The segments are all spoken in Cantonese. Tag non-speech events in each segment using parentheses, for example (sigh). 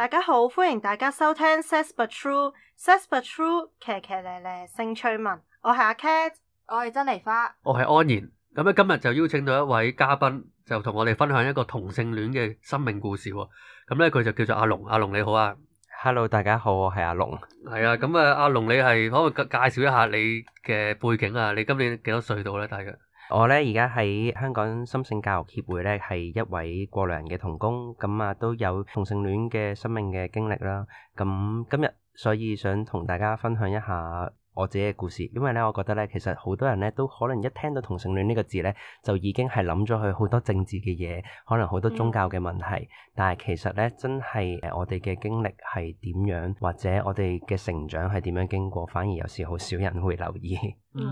大家好，歡迎大家收聽 Says But True，Says But True 騎騎咧咧性趣聞。我係阿 Cat，我係珍妮花，我係安然。咁咧今日就邀請到一位嘉賓，就同我哋分享一個同性戀嘅生命故事。咁咧佢就叫做阿龍，阿龍你好啊。Hello，大家好，我係阿龍。係啊、嗯，咁啊，阿龍你係可唔可以介紹一下你嘅背景啊？你今年幾多歲度咧？大約？我呢而家喺香港心性教育協會呢，係一位過來人嘅同工，咁啊都有同性戀嘅生命嘅經歷啦。咁今日所以想同大家分享一下。我自己嘅故事，因為咧，我覺得咧，其實好多人咧都可能一聽到同性戀呢個字咧，就已經係諗咗佢好多政治嘅嘢，可能好多宗教嘅問題，嗯、但係其實咧真係誒，我哋嘅經歷係點樣，或者我哋嘅成長係點樣經過，反而有時好少人會留意。嗯，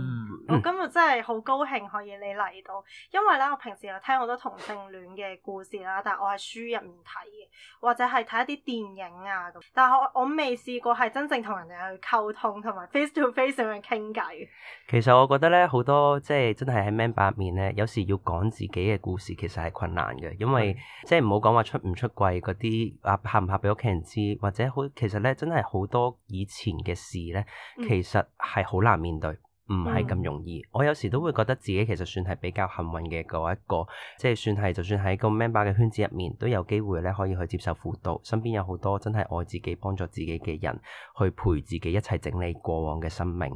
嗯我今日真係好高興可以你嚟到，因為咧我平時有聽好多同性戀嘅故事啦，但我喺書入面睇。或者係睇一啲電影啊咁，但係我，我未試過係真正同人哋去溝通，同埋 face to face 咁樣傾偈。其實我覺得咧，好多即係真係喺 man 入面咧，有時要講自己嘅故事，其實係困難嘅，因為即係唔好講話出唔出櫃嗰啲啊，怕唔怕俾屋企人知？或者好，其實咧真係好多以前嘅事咧，其實係好難面對。嗯唔係咁容易，嗯、我有時都會覺得自己其實算係比較幸運嘅嗰一個，即係算係，就算喺個 member 嘅圈子入面都有機會咧，可以去接受輔導，身邊有好多真係愛自己、幫助自己嘅人，去陪自己一齊整理過往嘅生命。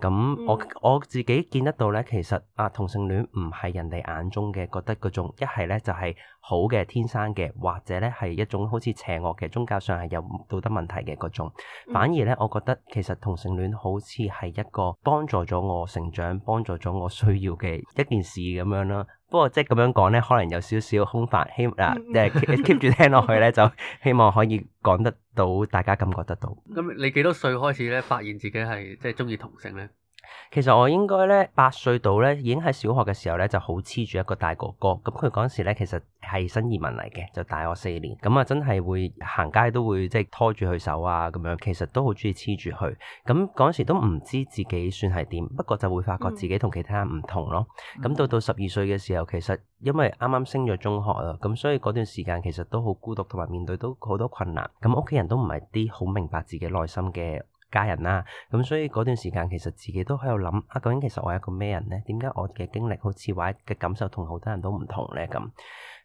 咁我、嗯、我，我自己見得到咧，其實啊同性戀唔係人哋眼中嘅覺得嗰種，一係咧就係、是好嘅，天生嘅，或者咧係一種好似邪惡嘅宗教上係有道德問題嘅嗰種。反而咧，我覺得其實同性戀好似係一個幫助咗我成長、幫助咗我需要嘅一件事咁樣啦。不過即係咁樣講咧，可能有少少空泛。希啊即係 keep 住聽落去咧，就希望可以講得到大家感覺得到。咁你幾多歲開始咧發現自己係即係中意同性咧？其實我應該咧八歲到咧，已經喺小學嘅時候咧就好黐住一個大哥哥。咁佢嗰時咧其實係新移民嚟嘅，就大我四年。咁啊，真係會行街都會即係拖住佢手啊，咁樣其實都好中意黐住佢。咁嗰時都唔知自己算係點，不過就會發覺自己同其他人唔同咯。咁到到十二歲嘅時候，其實因為啱啱升咗中學啦，咁所以嗰段時間其實都好孤獨，同埋面對都好多困難。咁屋企人都唔係啲好明白自己內心嘅。家人啦、啊，咁所以嗰段時間其實自己都喺度諗啊，究竟其實我係一個咩人呢？點解我嘅經歷好似話嘅感受同好多人都唔同呢？咁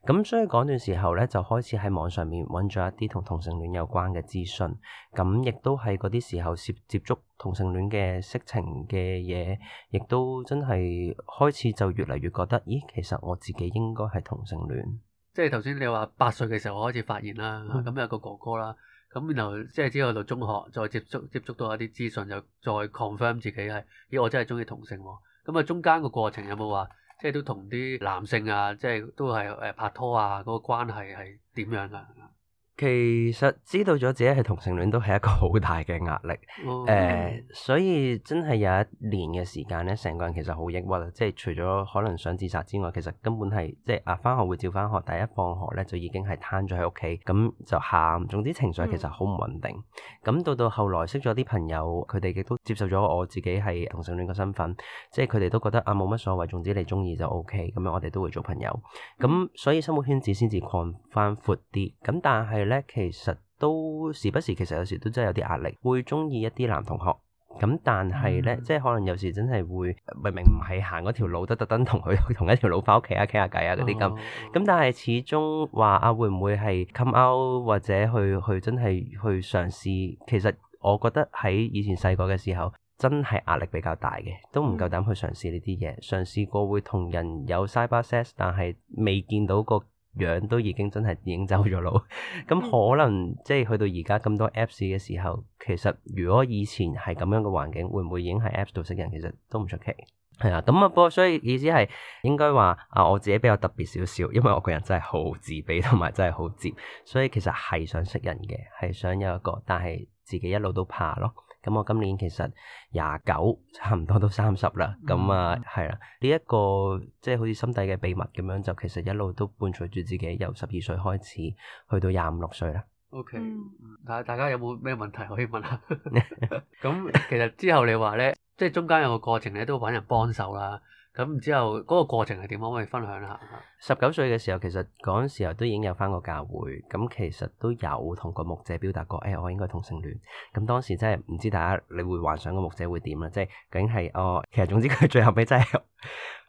咁所以嗰段時候咧，就開始喺網上面揾咗一啲同同性戀有關嘅資訊，咁亦都係嗰啲時候接接觸同性戀嘅色情嘅嘢，亦都真係開始就越嚟越覺得，咦，其實我自己應該係同性戀。即係頭先你話八歲嘅時候我開始發現啦，咁 (laughs) 有個哥哥啦。咁然後即係之後到中學，再接觸接觸到一啲資訊，就再 confirm 自己，係，咦，我真係中意同性喎。咁啊中間個過程有冇話即係都同啲男性啊，即係都係誒拍拖啊嗰個關係係點樣噶？其實知道咗自己係同性戀都係一個好大嘅壓力，誒、嗯呃，所以真係有一年嘅時間咧，成個人其實好抑鬱，即係除咗可能想自殺之外，其實根本係即係啊翻學會照翻學，但係一放學咧就已經係攤咗喺屋企，咁就喊，總之情緒其實好唔穩定。咁到、嗯、到後來識咗啲朋友，佢哋亦都接受咗我自己係同性戀嘅身份，即係佢哋都覺得啊冇乜所謂，總之你中意就 OK，咁樣我哋都會做朋友。咁、嗯、所以生活圈子先至擴翻闊啲，咁但係，咧其實都時不時，其實有時都真係有啲壓力，會中意一啲男同學。咁但係咧，嗯、即係可能有時真係會，明明唔係行嗰條路都，都特登同佢去同一條路翻屋企啊，傾下偈啊嗰啲咁。咁、哦、但係始終話啊，會唔會係 come out 或者去去真係去嘗試？其實我覺得喺以前細個嘅時候，真係壓力比較大嘅，都唔夠膽去嘗試呢啲嘢。嘗試、嗯、過會同人有 cybersex，但係未見到過。樣都已經真係已經走咗路了，咁 (laughs) 可能即係去到而家咁多 Apps 嘅時候，其實如果以前係咁樣嘅環境，會唔會已經喺 Apps 度識人？其實都唔出奇，係啊，咁啊不過，所以意思係應該話啊，我自己比較特別少少，因為我個人真係好自卑同埋真係好尖，所以其實係想識人嘅，係想有一個，但係自己一路都怕咯。咁我今年其實廿九，差唔多都三十啦。咁、嗯、啊，係啦、啊，呢、這、一個即係好似心底嘅秘密咁樣，就其實一路都伴隨住自己由十二歲開始，去到廿五六歲啦。OK，大、嗯、大家有冇咩問題可以問下？咁 (laughs) (laughs) 其實之後你話咧，即係中間有個過程咧，都揾人幫手啦。咁之後，嗰、那個過程係點？可唔可以分享一下？十九歲嘅時候，其實嗰陣時候都已經有返個教會，咁其實都有同個牧者表達過，誒、哎，我應該同性戀。咁當時真係唔知大家你會幻想個牧者會點啦，即係究竟係哦。其實總之佢最後尾真係。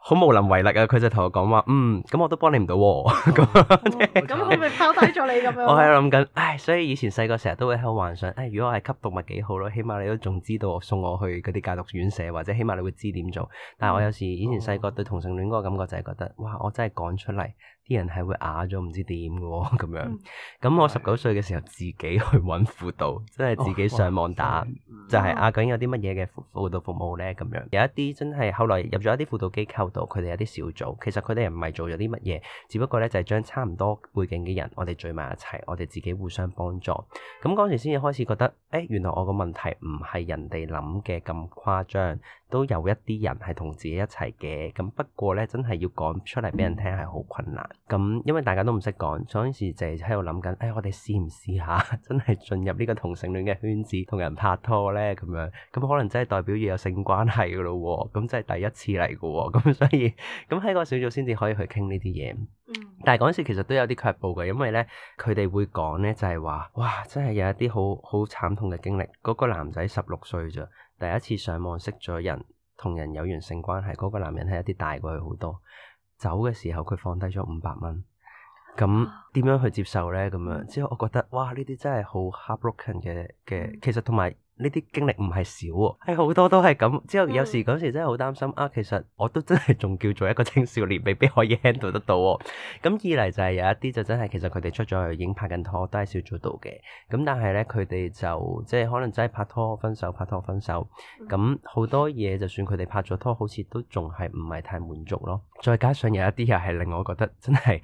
好無能為力啊！佢就同我講話，嗯，咁我都幫你唔到喎。咁、啊、 (laughs) 我咪拋低咗你咁樣。我喺度諗緊，唉，所以以前細個成日都會喺度幻想，唉、哎，如果我係吸毒物幾好咯，起碼你都仲知道我送我去嗰啲戒毒院舍，或者起碼你會知點做。但係我有時以前細個對同性戀嗰個感覺就係覺得，哇！我真係講出嚟。啲人係會啞咗唔知點喎，咁樣。咁、嗯、我十九歲嘅時候自己去揾輔導，真係自己上網打，哦、就係啊究竟有啲乜嘢嘅輔導服務呢？咁樣。有一啲真係後來入咗一啲輔導機構度，佢哋有啲小組，其實佢哋唔係做咗啲乜嘢，只不過呢就係將差唔多背景嘅人，我哋聚埋一齊，我哋自己互相幫助。咁嗰陣時先至開始覺得，誒原來我個問題唔係人哋諗嘅咁誇張，都有一啲人係同自己一齊嘅。咁不過呢，真係要講出嚟俾人聽係好困難。嗯咁，因為大家都唔識講，所以嗰時就係喺度諗緊，誒、哎，我哋試唔試下，真係進入呢個同性戀嘅圈子，同人拍拖咧，咁樣，咁可能真係代表要有性關係噶咯，咁真係第一次嚟噶，咁、嗯、所以，咁喺個小組先至可以去傾呢啲嘢。嗯、但係嗰時其實都有啲卻步嘅，因為咧，佢哋會講咧，就係話，哇，真係有一啲好好慘痛嘅經歷。嗰、那個男仔十六歲咋，第一次上網識咗人，同人有完性關係。嗰、那個男人係一啲大過佢好多。走嘅時候，佢放低咗五百蚊，咁點樣去接受咧？咁樣。之後，我覺得哇，呢啲真係好 heartbreaking 嘅嘅，嗯、其實同埋。呢啲經歷唔係少喎，係好多都係咁。之後有時嗰時真係好擔心啊，其實我都真係仲叫做一個青少年，未必可以 handle 得到喎。咁二嚟就係有一啲就真係其實佢哋出咗去已經拍緊拖，都係少做到嘅。咁但係咧佢哋就即係可能真係拍拖分手，拍拖分手，咁好多嘢就算佢哋拍咗拖，好似都仲係唔係太滿足咯。再加上有一啲又係令我覺得真係。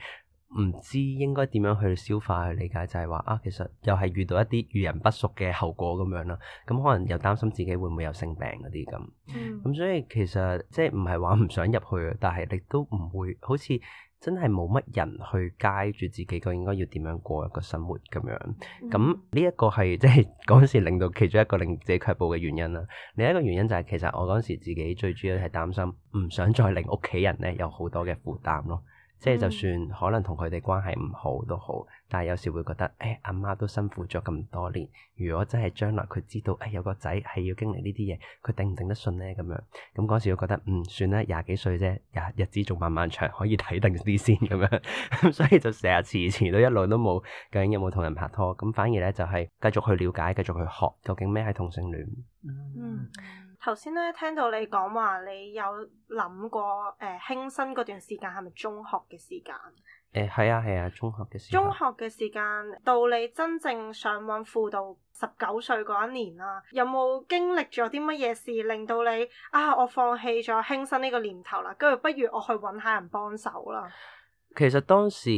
唔知應該點樣去消化去理解就，就係話啊，其實又係遇到一啲遇人不淑嘅後果咁樣啦。咁可能又擔心自己會唔會有性病嗰啲咁。咁、嗯、所以其實即係唔係話唔想入去，但係你都唔會好似真係冇乜人去 guide 住自己，佢應該要點樣過一個生活咁樣。咁呢一個係即係嗰陣時令到其中一個令自己卻步嘅原因啦。嗯、另一個原因就係、是、其實我嗰陣時自己最主要係擔心，唔想再令屋企人咧有好多嘅負擔咯。即係就算可能同佢哋關係唔好都好，但係有時會覺得，誒阿媽都辛苦咗咁多年，如果真係將來佢知道，誒、哎、有個仔係要經歷呢啲嘢，佢頂唔頂得順咧？咁樣，咁嗰時會覺得，嗯，算啦，廿幾歲啫，日子仲漫漫長，可以睇定啲先咁樣， (laughs) 所以就成日遲遲都一路都冇究竟有冇同人拍拖，咁反而咧就係繼續去了解，繼續去學，究竟咩係同性戀。嗯頭先咧聽到你講話，你有諗過誒，輕、呃、生嗰段時間係咪中學嘅時間？誒、呃，係啊係啊，中學嘅中學嘅時間到你真正上網輔導十九歲嗰一年啦、啊。有冇經歷咗啲乜嘢事，令到你啊，我放棄咗輕生呢個念頭啦？跟住不如我去揾下人幫手啦。其實當時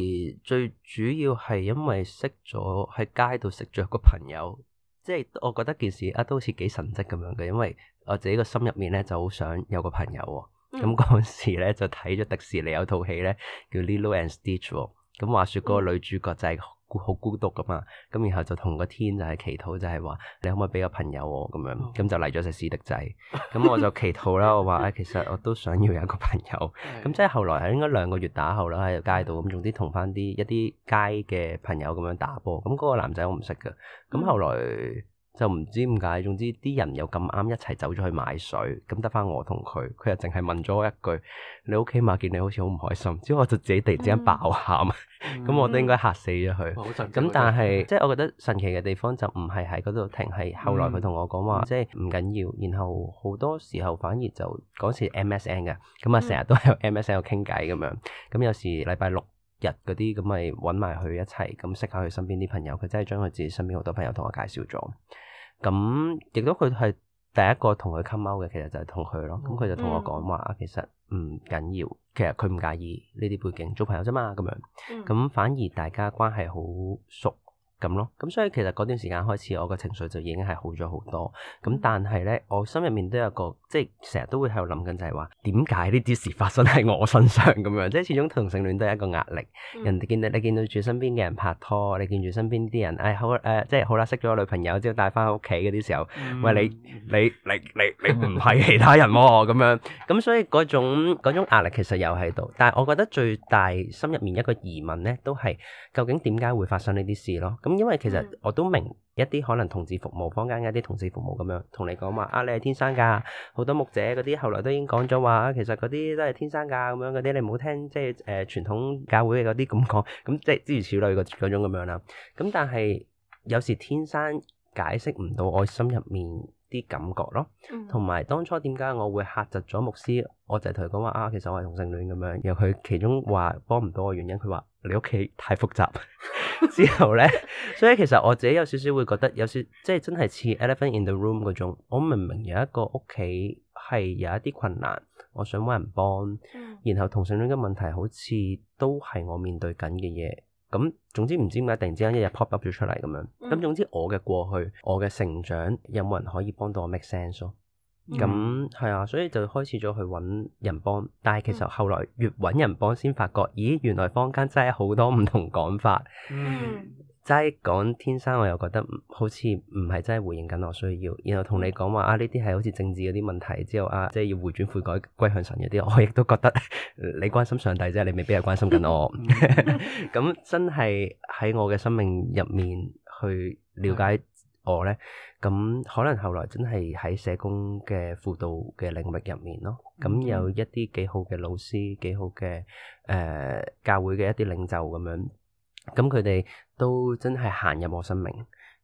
最主要係因為識咗喺街度識咗一個朋友，即係我覺得件事啊都好似幾神跡咁樣嘅，因為，我自己個心入面咧就好想有個朋友喎、哦，咁嗰陣時咧就睇咗迪士尼有套戲咧叫 Lilo and Stitch，咁、哦、話說嗰個女主角就係好孤獨噶嘛，咁然後就同個天就係祈禱，就係話你可唔可以俾個朋友我、哦、咁樣，咁就嚟咗隻史迪仔，咁我就祈禱啦，我話啊、哎、其實我都想要有一個朋友，咁即係後來係應該兩個月打後啦，喺度街度咁，總之同翻啲一啲街嘅朋友咁樣打波，咁嗰個男仔我唔識噶，咁後來。就唔知點解，總之啲人又咁啱一齊走咗去買水，咁得返我同佢，佢又淨係問咗我一句：你 OK 嘛？見你好似好唔開心。之後我就自己突然之間爆喊，咁、嗯、 (laughs) 我都應該嚇死咗佢。咁但係即係我覺得神奇嘅地方就唔係喺嗰度停，係後來佢同我講話，嗯、即係唔緊要。然後好多時候反而就嗰時 MSN 嘅，咁啊成日都喺 MSN 度傾偈咁樣。咁、嗯嗯、有時禮拜六。日嗰啲咁咪揾埋佢一齊，咁識下佢身邊啲朋友，佢真係將佢自己身邊好多朋友同我介紹咗。咁亦都佢係第一個同佢 come out 嘅，其實就係同佢咯。咁佢、嗯、就同我講話，其實唔緊要，其實佢唔介意呢啲背景，做朋友啫嘛。咁樣，咁反而大家關係好熟咁咯。咁所以其實嗰段時間開始，我嘅情緒就已經係好咗好多。咁、嗯、但係咧，我心入面都有個。即係成日都會喺度諗緊，就係話點解呢啲事發生喺我身上咁樣？即係始終同性戀都係一個壓力。嗯、人哋見到你見到住身邊嘅人拍拖，你見住身邊啲人，誒、哎、好誒、呃，即係好啦，識咗女朋友之後帶翻屋企嗰啲時候，嗯、喂你你你你你唔係其他人喎、啊、咁樣。咁、嗯、所以嗰種嗰種壓力其實又喺度。但係我覺得最大心入面一個疑問咧，都係究竟點解會發生呢啲事咯？咁因為其實我都明。一啲可能同志服務坊間一啲同事服務咁樣同你講話，啊你係天生噶，好多牧者嗰啲後來都已經講咗話，其實嗰啲都係天生噶咁樣嗰啲，你唔好聽即係誒傳統教會嘅嗰啲咁講，咁即係諸如此類嘅嗰種咁樣啦。咁但係有時天生解釋唔到我心入面。啲感覺咯，同埋、嗯、當初點解我會嚇窒咗牧師？我就係同佢講話啊，其實我係同性戀咁樣。然佢其中話幫唔到我原因，佢話你屋企太複雜。 (laughs) 之後咧呢， (laughs) 所以其實我自己有少少會覺得有少即係真係似 elephant in the room 嗰種。我明明有一個屋企係有一啲困難，我想搵人幫。然後同性戀嘅問題好似都係我面對緊嘅嘢。咁，總之唔知點解突然之間一日 pop up 咗出嚟咁樣。咁、嗯、總之我嘅過去，我嘅成長，有冇人可以幫到我 make sense 咯、嗯？咁係啊，所以就開始咗去揾人幫。但係其實後來越揾人幫，先發覺，咦，原來坊間真係好多唔同講法。嗯 (laughs) 真係講天生，我又覺得好似唔係真係回應緊我需要。然後同你講話啊，呢啲係好似政治嗰啲問題之後啊，即係要回轉悔改歸向神嗰啲，我亦都覺得你關心上帝即係，你未必係關心緊我。咁 (laughs) (laughs) 真係喺我嘅生命入面去了解我咧，咁可能後來真係喺社工嘅輔導嘅領域入面咯。咁有一啲幾好嘅老師，幾好嘅誒、呃、教會嘅一啲領袖咁樣。咁佢哋都真係行入我生命，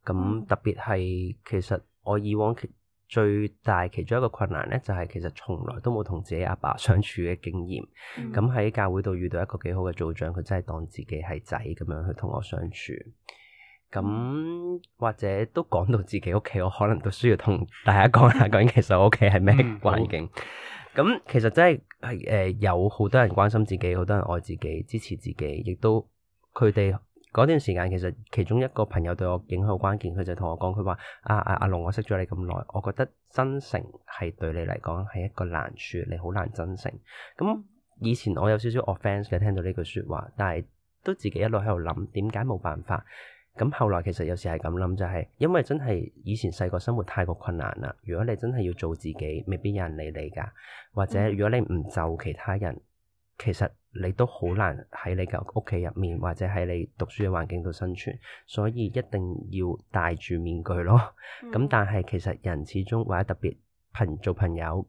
咁特別係，其實我以往其最大其中一個困難咧，就係、是、其實從來都冇同自己阿爸、爸相處嘅經驗。咁喺、嗯、教會度遇到一個幾好嘅組長，佢真係當自己係仔咁樣去同我相處。咁或者都講到自己屋企，我可能都需要同大家講下，究竟其實我屋企係咩環境？咁、嗯嗯、其實真係係誒，有好多人關心自己，好多人愛自己，支持自己，亦都。佢哋嗰段時間，其實其中一個朋友對我影響好關鍵，佢就同我講：佢話阿阿阿龍，我識咗你咁耐，我覺得真誠係對你嚟講係一個難處，你好難真誠。咁以前我有少少 offense 嘅聽到呢句説話，但係都自己一路喺度諗點解冇辦法。咁後來其實有時係咁諗，就係因為真係以前細個生活太過困難啦。如果你真係要做自己，未必有人理你噶。或者如果你唔就其他人，嗯、其實，你都好難喺你嘅屋企入面，或者喺你讀書嘅環境度生存，所以一定要戴住面具咯。咁 (laughs) 但係其實人始終或者特別朋做朋友，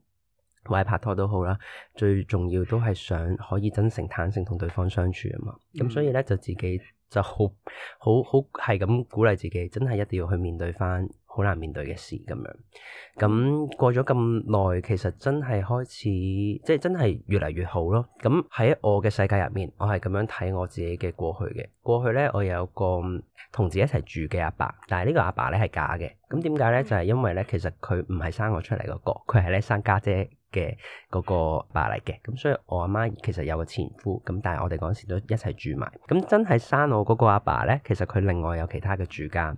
或者拍拖都好啦，最重要都係想可以真誠坦誠同對方相處啊嘛。咁 (laughs) 所以咧就自己就好好好係咁鼓勵自己，真係一定要去面對返。好難面對嘅事咁樣，咁過咗咁耐，其實真係開始，即係真係越嚟越好咯。咁喺我嘅世界入面，我係咁樣睇我自己嘅過去嘅。過去咧，我有個同自己一齊住嘅阿爸，但係呢個阿爸咧係假嘅。咁點解咧？就係因為咧，其實佢唔係生我出嚟嗰個，佢係咧生家姐嘅嗰個爸嚟嘅，咁所以我阿媽，媽其實有個前夫，咁但係我哋嗰時都一齊住埋，咁真係生我嗰個阿爸咧，其實佢另外有其他嘅住家，咁、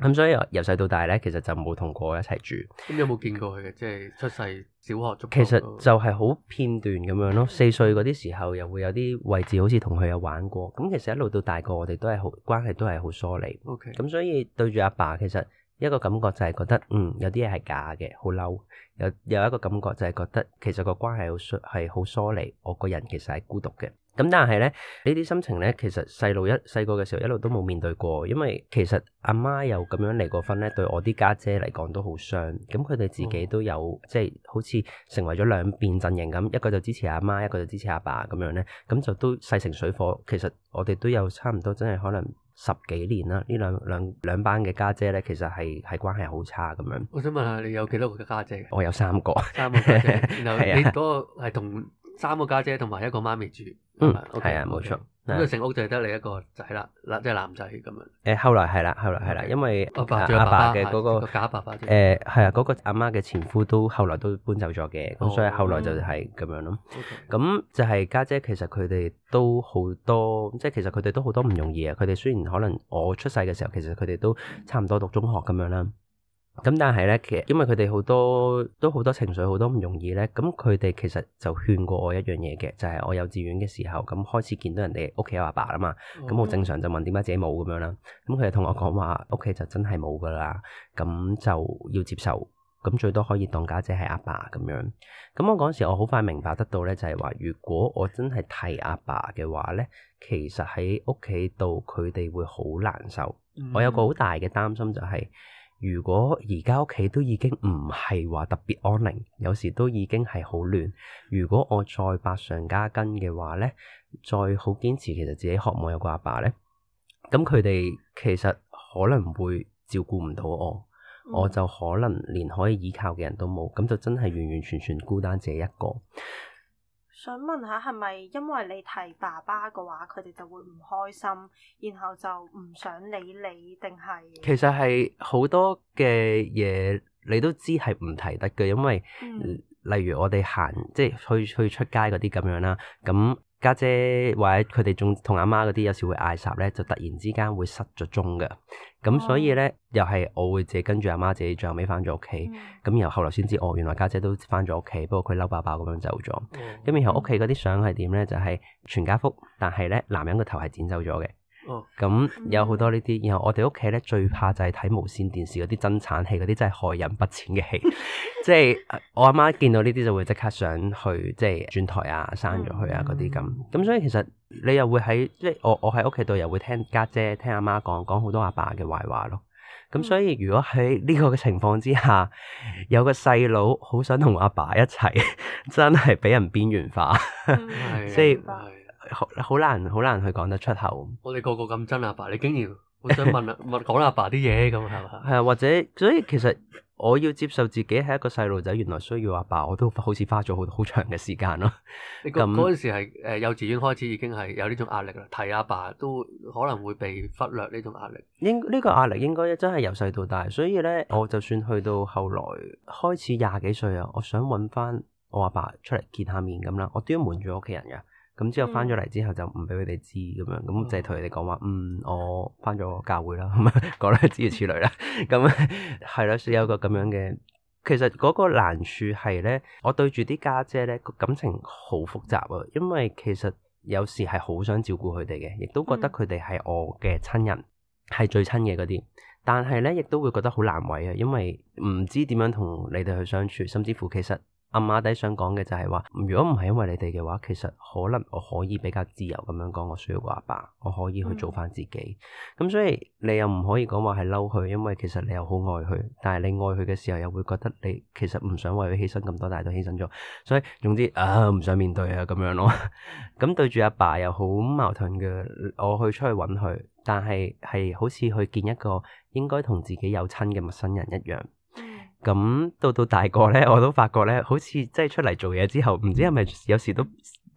嗯、所以由細到大咧，其實就冇同過一齊住。咁有冇見過佢嘅，即係出世、小學、其實就係好片段咁樣咯。四歲嗰啲時候又會有啲位置，好似同佢有玩過。咁其實一路到大個，我哋都係好關係，都係好疏離。OK，咁所以對住阿爸，爸其實。一個感覺就係覺得嗯，有啲嘢係假嘅，好嬲。有有，有一個感覺就係覺得其實個關係係好疏離，我個人其實係孤獨嘅。咁但係咧呢啲心情咧，其實細路一細個嘅時候一路都冇面對過，因為其實阿媽又咁樣離過婚咧，對我啲家姐嚟講都好傷。咁佢哋自己都有即係、就是、好似成為咗兩邊陣營咁，一個就支持阿媽，一個就支持阿爸咁樣咧。咁就都勢成水火。其實我哋都有差唔多，真係可能。十幾年啦，呢兩兩兩班嘅家姐咧，其實係係關係好差咁樣。我想問下你有幾多個家姐，姐？我有三個， (laughs) 三個家姐，姐。然後你嗰個係同三個家姐同埋一個媽咪住。嗯，係、okay? 嗯、係啊，冇錯。Okay. 咁啊，成屋就係得你一個仔啦，即係男仔咁樣。誒，後來係啦，後來係啦，因為阿對、啊、爸，爸、阿爸嘅、嗰個對假爸爸。誒，係啊，嗰對、嗰個阿媽嘅前夫都後來都搬走咗嘅，咁、哦、所以後來就係咁樣咯。咁、嗯、就係家姐，姐，其實佢哋都好多，即係其實佢哋都好多唔容易啊。佢哋雖然可能我出世嘅時候，其實佢哋都差唔多讀中學咁樣啦。咁但係咧，其實因為佢哋好多都好多情緒，好多唔容易咧。咁佢哋其實就勸過我一樣嘢嘅，就係、是、我幼稚園嘅時候，咁開始見到人哋屋企有阿爸啊嘛。咁、嗯、我正常就問點解自己冇咁樣啦。咁佢哋同我講話屋企就真係冇噶啦，咁就要接受，咁最多可以當家姐係阿爸咁樣。咁我嗰時我好快明白得到咧，就係話如果我真係提阿爸嘅話咧，其實喺屋企度佢哋會好難受。嗯、我有個好大嘅擔心就係、是。如果而家屋企都已經唔係話特別安寧，有時都已經係好亂。如果我再百上加斤嘅話呢，再好堅持其實自己渴望有個阿爸呢，咁佢哋其實可能會照顧唔到我，我就可能連可以依靠嘅人都冇，咁就真係完完全全孤單自己一個。想問下，係咪因為你提爸爸嘅話，佢哋就會唔開心，然後就唔想理你，定係？其實係好多嘅嘢，你都知係唔提得嘅，因為例如我哋行，即係去去出街嗰啲咁樣啦，咁。家姐，姐或者佢哋仲同阿媽嗰啲有時會嗌霎咧，就突然之間會失咗蹤嘅。咁所以咧，oh. 又係我會自己跟住阿媽，媽自己最後尾翻咗屋企。咁 Yeah. 然後後來先知哦，原來家姐，姐都翻咗屋企，不過佢嬲爆爆咁樣走咗。咁 Yeah. 然後屋企嗰啲相係點咧？就係、是、全家福，但係咧男人個頭係剪走咗嘅。哦，咁有好多呢啲，然後我哋屋企咧最怕就係睇無綫電視嗰啲爭產戲，嗰啲真係害人不淺嘅戲，即係我阿媽見到呢啲就會即刻上去即係轉台啊，刪咗佢啊嗰啲咁，咁、嗯、所以其實你又會喺即係我我喺屋企度又會聽家姐，姐聽阿媽講講好多阿爸嘅壞話咯，咁所以如果喺呢個嘅情況之下有個細佬好想同阿爸，爸一齊，真係俾人邊緣化，嗯、 (laughs) 即係。好難好難去講得出口。我哋個個咁憎阿爸，你竟然我想問問講阿爸啲嘢，咁，係嘛？係 (laughs) 啊，或者所以其實我要接受自己係一個細路仔，原來需要阿爸，我都好似花咗好好長嘅時間咯。咁嗰陣時係誒幼稚園開始已經係有呢種壓力啦，提阿爸都可能會被忽略呢種壓力。應呢個壓力應該真係由細到大，所以咧，我就算去到後來開始廿幾歲啊，我想搵翻我阿爸出嚟見下面咁啦，我都要瞞住屋企人噶。咁之後翻咗嚟之後就唔畀佢哋知咁、嗯、樣，咁就係同佢哋講話，嗯，嗯，我翻咗教會啦，咁 (laughs) 啊，講下諸如此類啦，咁係咯，有個咁樣嘅，其實嗰個難處係咧，我對住啲家姐咧個感情好複雜啊，因為其實有時係好想照顧佢哋嘅，亦都覺得佢哋係我嘅親人，係、嗯、最親嘅嗰啲，但係咧亦都會覺得好難為啊，因為唔知點樣同你哋去相處，甚至乎其實。阿馬底想講嘅就係話，如果唔係因為你哋嘅話，其實可能我可以比較自由咁樣講，我需要個阿爸，我可以去做返自己。咁、嗯、所以你又唔可以講話係嬲佢，因為其實你又好愛佢，但係你愛佢嘅時候又會覺得你其實唔想為佢犧牲咁多，但係都犧牲咗。所以總之啊，唔想面對啊咁樣咯。咁 (laughs) 對住阿爸，爸又好矛盾嘅，我去出去揾佢，但係係好似去見一個應該同自己有親嘅陌生人一樣。咁到到大個咧，我都發覺咧，好似即係出嚟做嘢之後，唔知係咪有時都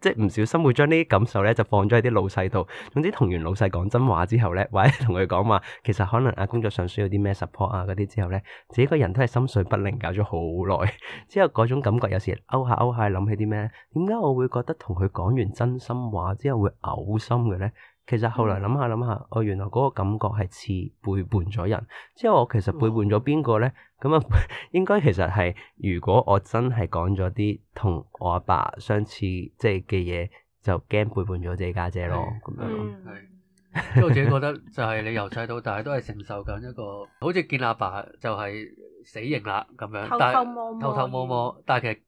即係唔小心會將呢啲感受咧就放咗喺啲老細度。總之同完老細講真話之後咧，或者同佢講話，其實可能啊工作上需要啲咩 support 啊嗰啲之後咧，自己個人都係心水不寧，搞咗好耐。之後嗰種感覺有時勾下勾下諗起啲咩，點解我會覺得同佢講完真心話之後會嘔心嘅咧？其實後來諗下諗下，我、嗯哦、原來嗰個感覺係似背叛咗人，之後我其實背叛咗邊個咧？咁啊、嗯， (laughs) 應該其實係如果我真係講咗啲同我阿爸相似即係嘅嘢，就驚背叛咗自己家姐咯。咁樣，嗯，係，我自己覺得就係你由細到大都係承受緊一個，好似見阿爸就係死刑啦咁樣，偷偷摸摸，偷偷摸摸，但係其實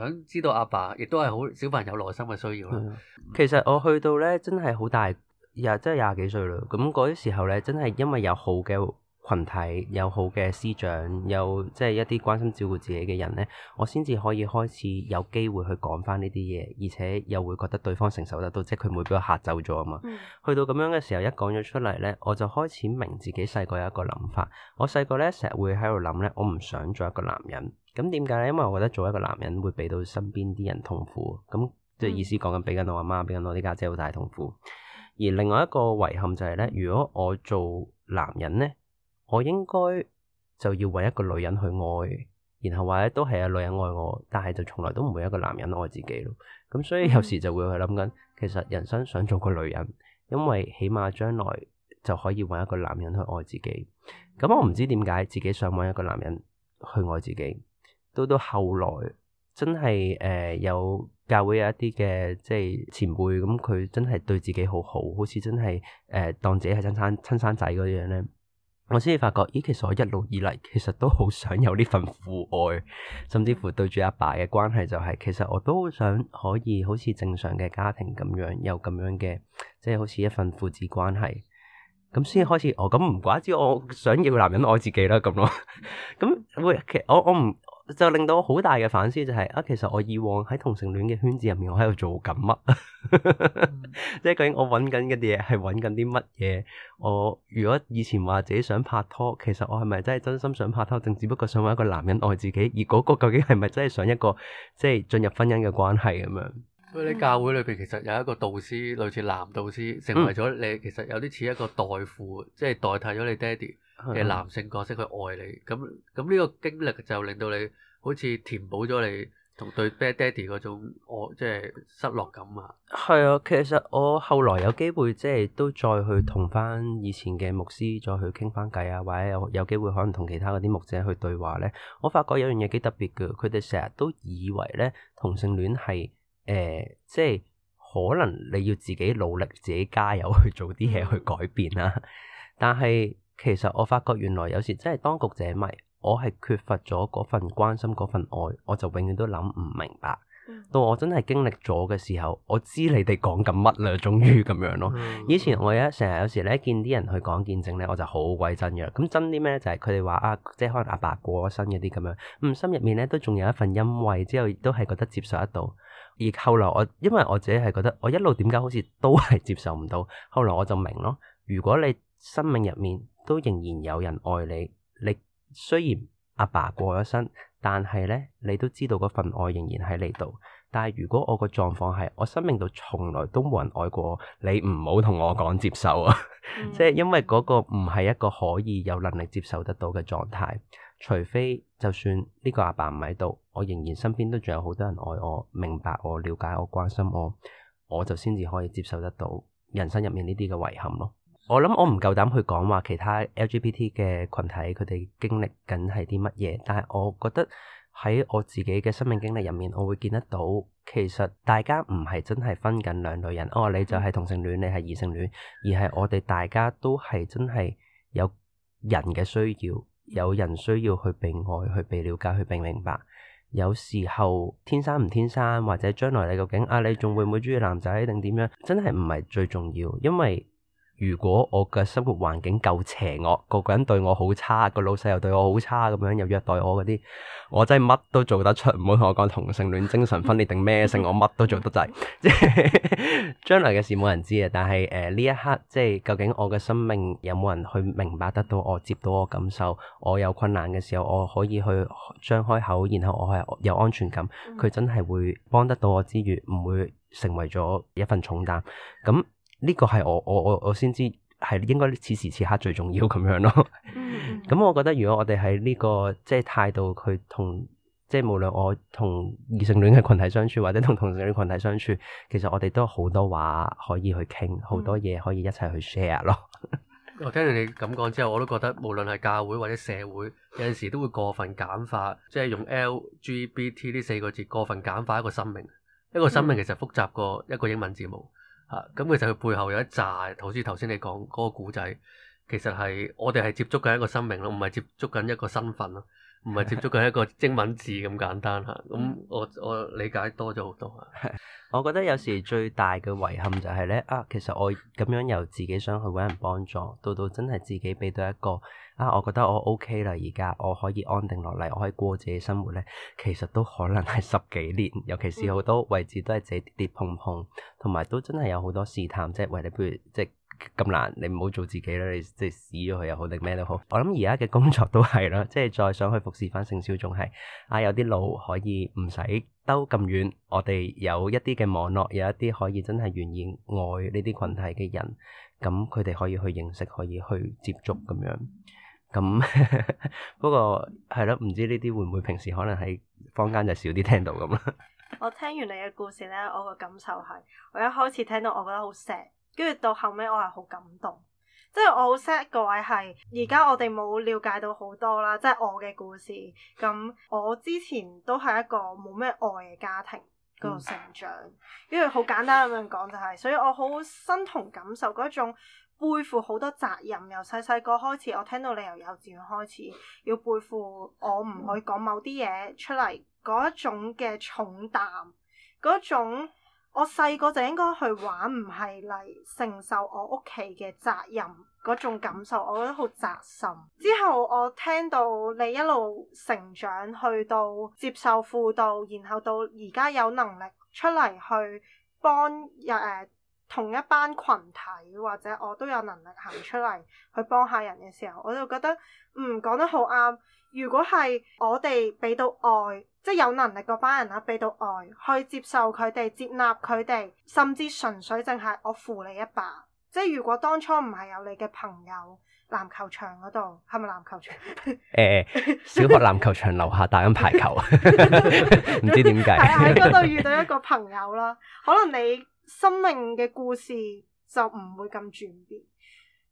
想知道阿爸，亦都係好小朋友內心嘅需要啦。其實我去到咧，真係好大。廿真係廿幾歲咯，咁嗰啲時候咧，真係因為有好嘅群體，有好嘅師長，有即係一啲關心照顧自己嘅人咧，我先至可以開始有機會去講翻呢啲嘢，而且又會覺得對方承受得到，即係佢唔會俾我吓走咗啊嘛。嗯、去到咁樣嘅時候，一講咗出嚟咧，我就開始明自己細個有一個諗法。我細個咧成日會喺度諗咧，我唔想做一個男人。咁點解咧？因為我覺得做一個男人會俾到身邊啲人痛苦。咁即係意思講緊俾緊我阿媽，媽，俾緊我啲家姐好大痛苦。而另外一個遺憾就係咧，如果我做男人咧，我應該就要為一個女人去愛，然後或者都係有女人愛我，但係就從來都唔會一個男人愛自己咯。咁所以有時就會去諗緊，其實人生想做個女人，因為起碼將來就可以揾一個男人去愛自己。咁我唔知點解自己想揾一個男人去愛自己，到到後來真係誒有。教會有一啲嘅即係前輩，咁佢真係對自己好好，好似真係誒、呃、當自己係親生親生仔嗰樣咧，我先至發覺，咦，其實我一路以嚟其實都好想有呢份父愛，甚至乎對住阿爸嘅關係就係、是，其實我都想可以好似正常嘅家庭咁樣，有咁樣嘅即係好似一份父子關係，咁先開始，我咁唔怪之，我想要男人愛自己啦咁咯，咁喂，其實我我唔。我就令到我好大嘅反思，就是，就係啊，其實我以往喺同性戀嘅圈子入面我， (laughs) 我喺度做緊乜？即係究竟我揾緊嘅啲嘢係揾緊啲乜嘢？我如果以前話自己想拍拖，其實我係咪真係真心想拍拖，定只不過想揾一個男人愛自己？而嗰個究竟係咪真係想一個即係進入婚姻嘅關係咁樣？所、嗯、你教會裏邊其實有一個導師，類似男導師，成為咗你，嗯、其實有啲似一個代父，即係代替咗你爹哋。嘅男性角色去愛你，咁咁呢個經歷就令到你好似填補咗你同對 bad daddy 嗰種愛，即係失落感啊。係啊，其實我後來有機會即係都再去同翻以前嘅牧師再去傾翻偈啊，或者有有機會可能同其他嗰啲牧者去對話咧，我發覺有樣嘢幾特別嘅，佢哋成日都以為咧同性戀係誒，即係可能你要自己努力自己加油去做啲嘢去改變啊。但係。其實我發覺原來有時真係當局者迷，我係缺乏咗嗰份關心、嗰份愛，我就永遠都諗唔明白。到我真係經歷咗嘅時候，我知你哋講緊乜啦，終於咁樣咯。以前我一成日有時咧見啲人去講見證咧，我就好鬼憎嘅。咁憎啲咩？就係佢哋話啊，即係可能阿爸過咗身嗰啲咁樣。咁心入面咧都仲有一份欣慰，之後亦都係覺得接受得到。而後來我因為我自己係覺得，我一路點解好似都係接受唔到？後來我就明咯。如果你生命入面，都仍然有人愛你，你雖然阿爸，爸過咗身，但係咧，你都知道嗰份愛仍然喺你度。但係如果我個狀況係我生命度從來都冇人愛過你，你唔好同我講接受啊！即係、嗯、 (laughs) 因為嗰個唔係一個可以有能力接受得到嘅狀態，除非就算呢個阿爸唔喺度，我仍然身邊都仲有好多人愛我、明白我、了解我、關心我，我就先至可以接受得到人生入面呢啲嘅遺憾咯。我諗我唔夠膽去講話其他 LGBT 嘅群體佢哋經歷緊係啲乜嘢，但係我覺得喺我自己嘅生命經歷入面，我會見得到，其實大家唔係真係分緊兩類人，哦，你就係同性戀，你係異性戀，而係我哋大家都係真係有人嘅需要，有人需要去被愛，去被了解，去被明白。有時候天生唔天生，或者將來你究竟啊，你仲會唔會中意男仔定點樣，真係唔係最重要，因為。如果我嘅生活環境夠邪惡，個個人對我好差，個老細又對我好差咁樣，又虐待我嗰啲，我真係乜都做得出。唔好同我講同性戀、精神分裂定咩性，我乜都做得出。即係將來嘅事冇人知嘅，但係誒呢一刻，即係究竟我嘅生命有冇人去明白得到我，接到我感受，我有困難嘅時候，我可以去張開口，然後我係有安全感，佢真係會幫得到我之餘，唔會成為咗一份重擔。咁。呢個係我我我我先知係應該此時此刻最重要咁樣咯、嗯。咁、嗯嗯、我覺得如果我哋喺呢個即係態度去，去同即係無論我同異性戀嘅群體相處，或者同同性戀群體相處，其實我哋都好多話可以去傾，好多嘢可以一齊去 share 咯、嗯。我聽到你咁講之後，我都覺得無論係教會或者社會，有陣時都會過分簡化，即係用 LGBT 呢四個字過分簡化一個生命。一個生命其實複雜過一個英文字母。嗯嗯。咁、嗯、其實佢背後有一扎，好似頭先你講嗰個古仔，其實係我哋係接觸緊一個生命咯，唔係接觸緊一個身份咯。唔係接觸佢一個精文字咁簡單嚇，咁我我理解多咗好多嚇。 (laughs) 我覺得有時最大嘅遺憾就係咧，啊，其實我咁樣由自己想去揾人幫助，到到真係自己畀到一個啊，我覺得我 OK 啦，而家我可以安定落嚟，我可以過自己生活咧，其實都可能係十幾年，尤其是好多位置都係自己跌跌碰碰，同埋都真係有好多試探即啫。或者譬如即係咁難，你唔好做自己啦！你即係屎咗佢又好，定咩都好。我諗而家嘅工作都係啦，即係再想去服侍翻性少數，係啊有啲路可以唔使兜咁遠。我哋有一啲嘅網絡，有一啲可以真係願意愛呢啲群體嘅人，咁佢哋可以去認識，可以去接觸咁樣。咁 (laughs) (laughs) 不過係咯，唔知呢啲會唔會平時可能喺坊間就少啲聽到咁啦。我聽完你嘅故事咧，我個感受係，我一開始聽到我覺得好錫跟住到後尾我係好感動，即係我好 sad 個位係，而家我哋冇了解到好多啦，即係我嘅故事。咁我之前都係一個冇咩愛嘅家庭嗰度成長，跟住好簡單咁樣講就係、是，所以我好身同感受嗰一種背負好多責任，由細細個開始，我聽到你由幼稚園開始要背負我唔可以講某啲嘢出嚟嗰一種嘅重擔，嗰種。我細個就應該去玩，唔係嚟承受我屋企嘅責任嗰種感受，我覺得好扎心。之後我聽到你一路成長，去到接受輔導，然後到而家有能力出嚟去幫人誒、呃、同一班群體，或者我都有能力行出嚟去幫下人嘅時候，我就覺得，嗯，講得好啱。如果係我哋俾到愛。即係有能力嗰班人啊，俾到愛去接受佢哋、接納佢哋，甚至純粹淨係我扶你一把。即係如果當初唔係有你嘅朋友，籃球場嗰度係咪籃球場？誒、 (laughs) 欸，小學籃球場樓下打緊排球，唔 (laughs) (laughs) 知點解。係啊，喺嗰度遇到一個朋友啦，可能你生命嘅故事就唔會咁轉變。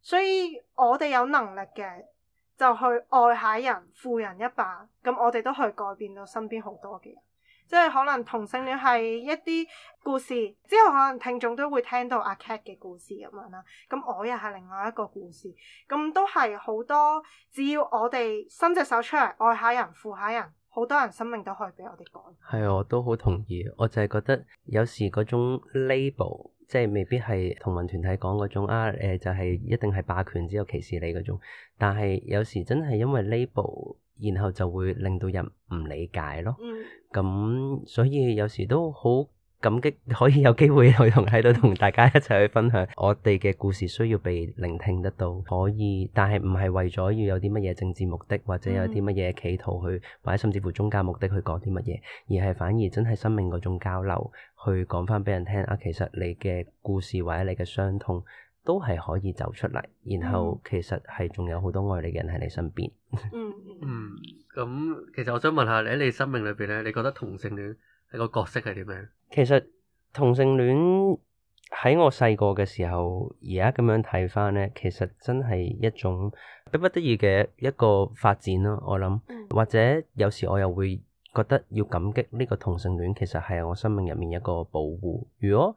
所以我哋有能力嘅。就去愛下人、富人一把，咁我哋都可以改變到身邊好多嘅人，即係可能同性戀係一啲故事之後，可能聽眾都會聽到阿 Cat 嘅故事咁樣啦。咁我又係另外一個故事，咁都係好多。只要我哋伸隻手出嚟，愛下人、富下人，好多人生命都可以俾我哋改。係啊，我都好同意。我就係覺得有時嗰種 label。即係未必係同文團體講嗰種啊，誒、呃、就係、是、一定係霸權只有歧視你嗰種，但係有時真係因為 label，然後就會令到人唔理解咯。咁所以有時都好。感激可以有機會去同喺度同大家一齊去分享我哋嘅故事，需要被聆聽得到。可以，但係唔係為咗要有啲乜嘢政治目的，或者有啲乜嘢企圖去，或者甚至乎宗教目的去講啲乜嘢，而係反而真係生命嗰種交流，去講翻俾人聽啊！其實你嘅故事或者你嘅傷痛都係可以走出嚟，然後其實，係仲有好多愛你嘅人喺你身邊嗯咁、 (laughs) 嗯、其實我想問下你喺你生命裏邊咧，你覺得同性戀？一個角色係點樣？其實同性戀喺我細個嘅時候，而家咁樣睇翻咧，其實真係一種逼不，不得已嘅一個發展咯。我諗，嗯、或者有時我又會覺得要感激呢個同性戀，其實係我生命入面一個保護。如果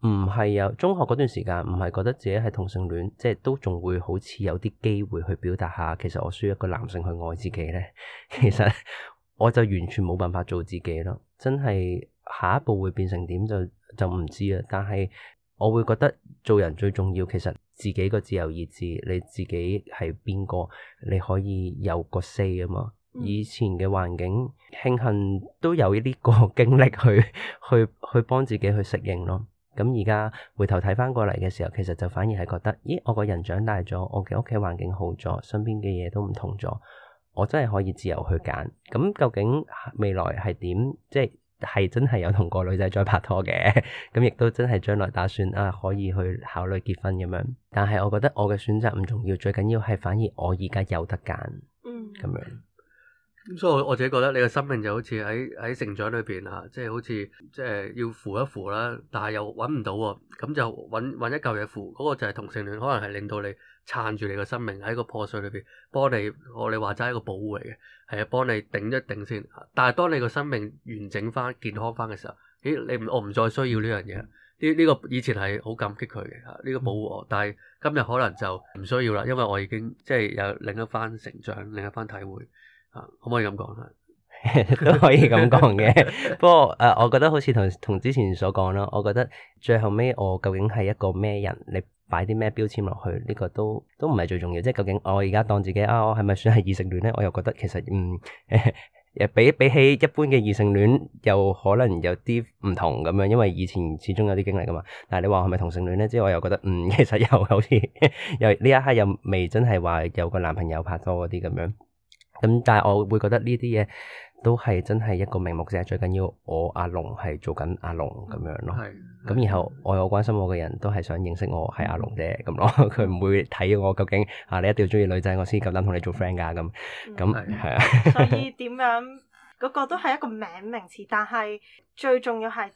唔係有中學嗰段時間，唔係覺得自己係同性戀，即係都仲會好似有啲機會去表達下，其實我需要一個男性去愛自己咧。其實、嗯。 (laughs) 我就完全冇辦法做自己咯，真係下一步會變成點就就唔知啦。但係我會覺得做人最重要，其實自己個自由意志，你自己係邊個，你可以有個 say 啊嘛。以前嘅環境，慶幸都有呢個經歷去去去幫自己去適應咯。咁而家回頭睇翻過嚟嘅時候，其實就反而係覺得，咦，我個人長大咗，我嘅屋企環境好咗，身邊嘅嘢都唔同咗。我真係可以自由去揀，咁究竟未來係點？即係真係有同個女仔再拍拖嘅，咁亦都真係將來打算啊，可以去考慮結婚咁樣。但係我覺得我嘅選擇唔重要，最緊要係反而我而家有得揀，嗯，咁樣。咁所以我自己覺得你嘅生命就好似喺喺成長裏邊吓，即係好似即係要扶一扶啦，但係又揾唔到喎，咁就揾一嚿嘢扶，嗰個就係同性戀，可能係令到你。撐住你個生命喺個破碎裏邊，幫你，我哋話齋一個保護嚟嘅，係啊，幫你頂一頂先。但係當你個生命完整翻、健康翻嘅時候，咦，你唔，我唔再需要呢樣嘢。呢、呢、呢個以前係好感激佢嘅，呢、呢個保護我。但係今日可能就唔需要啦，因為我已經即係有另一番成長、另一番體會。吓、啊，可唔可以咁講啊？ (laughs) 都可以咁講嘅。 (laughs) (laughs) 不過誒、呃，我覺得好似同同之前所講啦，我覺得最後尾我究竟係一個咩人？你？擺啲咩標籤落去，呢個都都唔係最重要，即係究竟我而家當自己啊，我係咪算係異性戀咧？我又覺得其實嗯， (laughs) 比比起一般嘅異性戀，又可能有啲唔同咁樣，因為以前始終有啲經歷噶嘛。但係你話係咪同性戀咧？即係我又覺得嗯，其實又好似 (laughs) 又呢一刻又未真係話有個男朋友拍拖嗰啲咁樣。咁但係我會覺得呢啲嘢。都係真係一個名目啫，最緊要我阿龍係做緊阿龍咁樣咯。咁的然後愛我關心我嘅人都係想認識我係阿龍啫，咁咯。佢唔會睇我究竟啊，你一定要中意女仔我先夠膽同你做 friend 噶咁。咁係啊。所以點樣嗰、嗰個都係一個名名詞，但係最重要係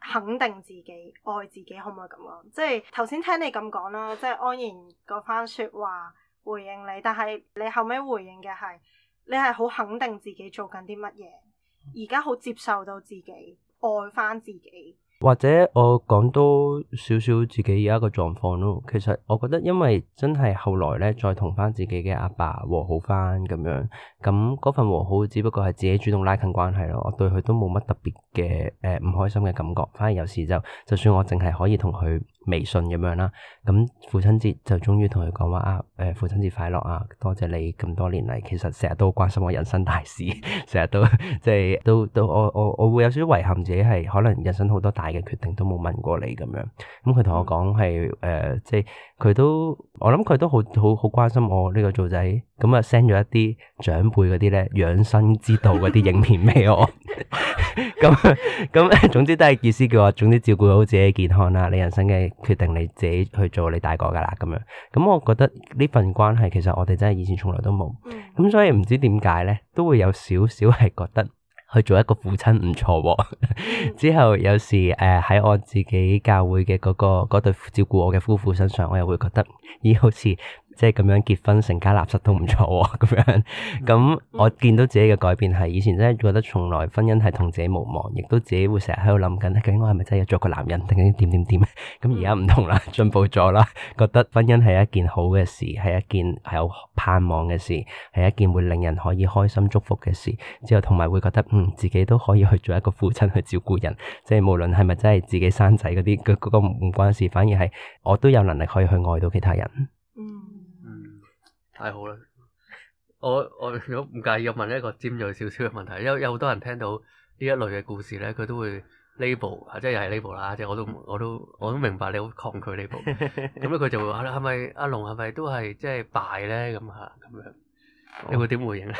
肯定自己、愛自己，可唔可以咁講？即係頭先聽你咁講啦，即係安然嗰番說話回應你，但係你後尾回應嘅係。你係好肯定自己做緊啲乜嘢，而家好接受到自己，愛翻自己。或者我講多少少自己而家個狀況咯，其實我覺得因為真係後來咧，再同翻自己嘅阿爸和好翻咁樣，咁嗰份和好只不過係自己主動拉近關係咯。我對佢都冇乜特別嘅，誒唔開心嘅感覺，反而有時就就算我淨係可以同佢微信咁樣啦，咁父親節就終於同佢講話啊，誒、呃、父親節快樂啊，多謝你咁多年嚟，其實成日都關心我人生大事，成日都即係、就是、都都，都我我我會有少少遺憾，自己係可能人生好多大。嘅決定都冇問過你咁樣，咁佢同我講係誒，即係佢都我諗佢都好好好關心我呢個做仔，咁啊 send 咗一啲長輩嗰啲咧養生之道嗰啲影片俾我，咁咁 (laughs) 總之都係意思叫我，總之照顧好自己嘅健康啦，你人生嘅決定你自己去做，你大個噶啦咁樣，咁我覺得呢份關係其實我哋真係以前從來都冇，咁 (laughs) 所以唔知點解咧，都會有少少係覺得。去做一個父親唔錯，哦， (laughs) 之後有時誒喺、呃、我自己教會嘅嗰、嗰個嗰對照顧我嘅夫婦身上，我又會覺得咦，好似。即係咁樣結婚成家立室都唔錯啊，咁樣，咁 (laughs) 我見到自己嘅改變係以前真係覺得從來婚姻係同自己無望，亦都自己會成日喺度諗緊，究竟我係咪真係要做個男人，定究竟點點點？咁而家唔同啦，進步咗啦， (laughs) 覺得婚姻係一件好嘅事，係一件係有盼望嘅事，係一件會令人可以開心祝福嘅事。之後同埋會覺得嗯，自己都可以去做一個父親去照顧人，即係無論係咪真係自己生仔嗰啲，嗰個、嗰個唔關事，反而係我都有能力可以去愛到其他人。嗯。 (laughs) 太好啦！我我如果唔介意，我問一個尖銳少少嘅問題，因為有好多人聽到呢一類嘅故事呢，佢都會呢部，或者又係呢部啦，即係我都我都我都明白你好抗拒呢部、 (laughs) 嗯，咁咧佢就話，係咪阿龍係咪都係即係敗咧？咁嚇樣，樣，樣，你會點回應呢？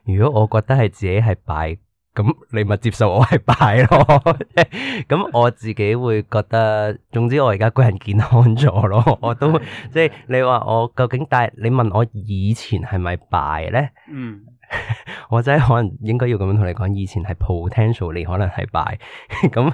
(laughs) 如果我覺得係自己係敗。咁你咪接受我係敗咯， (laughs) 咁 (laughs) 我自己會覺得，總之我而家個人健康咗咯，我都會 (laughs) 即係你話我究竟但係你問我以前係咪敗咧？嗯。 (laughs) 我真係可能應該要咁樣同你講，以前係 potential，你可能係 bi，咁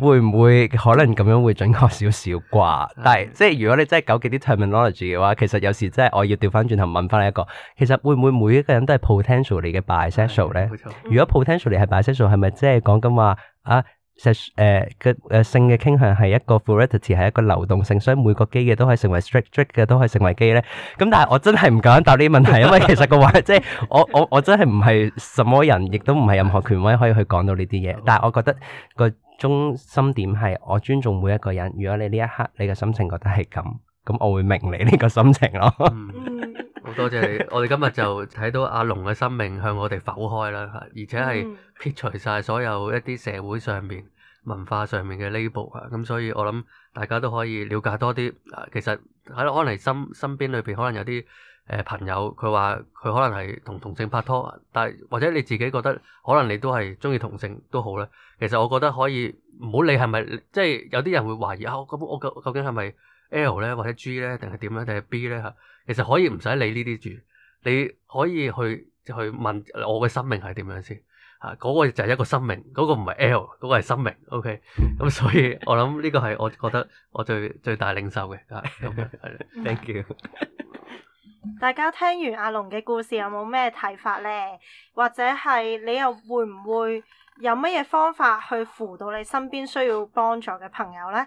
會唔會可能咁樣會準確少少啩？但係即係如果你真係糾結啲 terminology 嘅話，其實有時真係我要調翻轉頭問翻你一個，其實會唔會每一個人都係 potential 你嘅 bisexual 咧？如果 potential 你係 bisexual，係咪即係講緊話啊？石誒性嘅傾向係一個 fluidity，係一個流動性，所以每個機嘅都可以成為 straight，straight 嘅都可以成為機咧。咁但係我真係唔敢答呢啲問題，因為其實個話即係 (laughs) 我我我真係唔係什麼人，亦都唔係任何權威可以去講到呢啲嘢。但係我覺得個中心點係我尊重每一個人。如果你呢一刻你嘅心情覺得係咁，咁我會明你呢個心情咯。 (laughs) 好 (laughs) 多謝你，我哋今日就睇到阿龍嘅生命向我哋剖開啦，而且係撇除晒所有一啲社會上面、文化上面嘅 label 啊，咁、嗯、所以我諗大家都可以了解多啲、啊。其實喺安妮身身邊裏邊，可能，可能有啲誒、呃、朋友，佢話佢可能係同同性拍拖，但係或者你自己覺得可能你都係中意同性都好啦。其實我覺得可以唔好理係咪，即係、就是、有啲人會懷疑啊。我究究竟係咪？L 咧或者 G 咧定係點樣，定係 B 咧吓，其實可以唔使理呢啲住，你可以去去問我嘅生命係點樣先吓，嗰、那個就係一個生命，嗰、那個唔係 L，嗰個係生命。OK，咁所以我諗呢個係我覺得我最 (laughs) 我覺得我最，最大領受嘅。OK，Thank (laughs) you。大家聽完阿龍嘅故事有冇咩睇法咧？或者係你又會唔會有乜嘢方法去輔導你身邊需要幫助嘅朋友咧？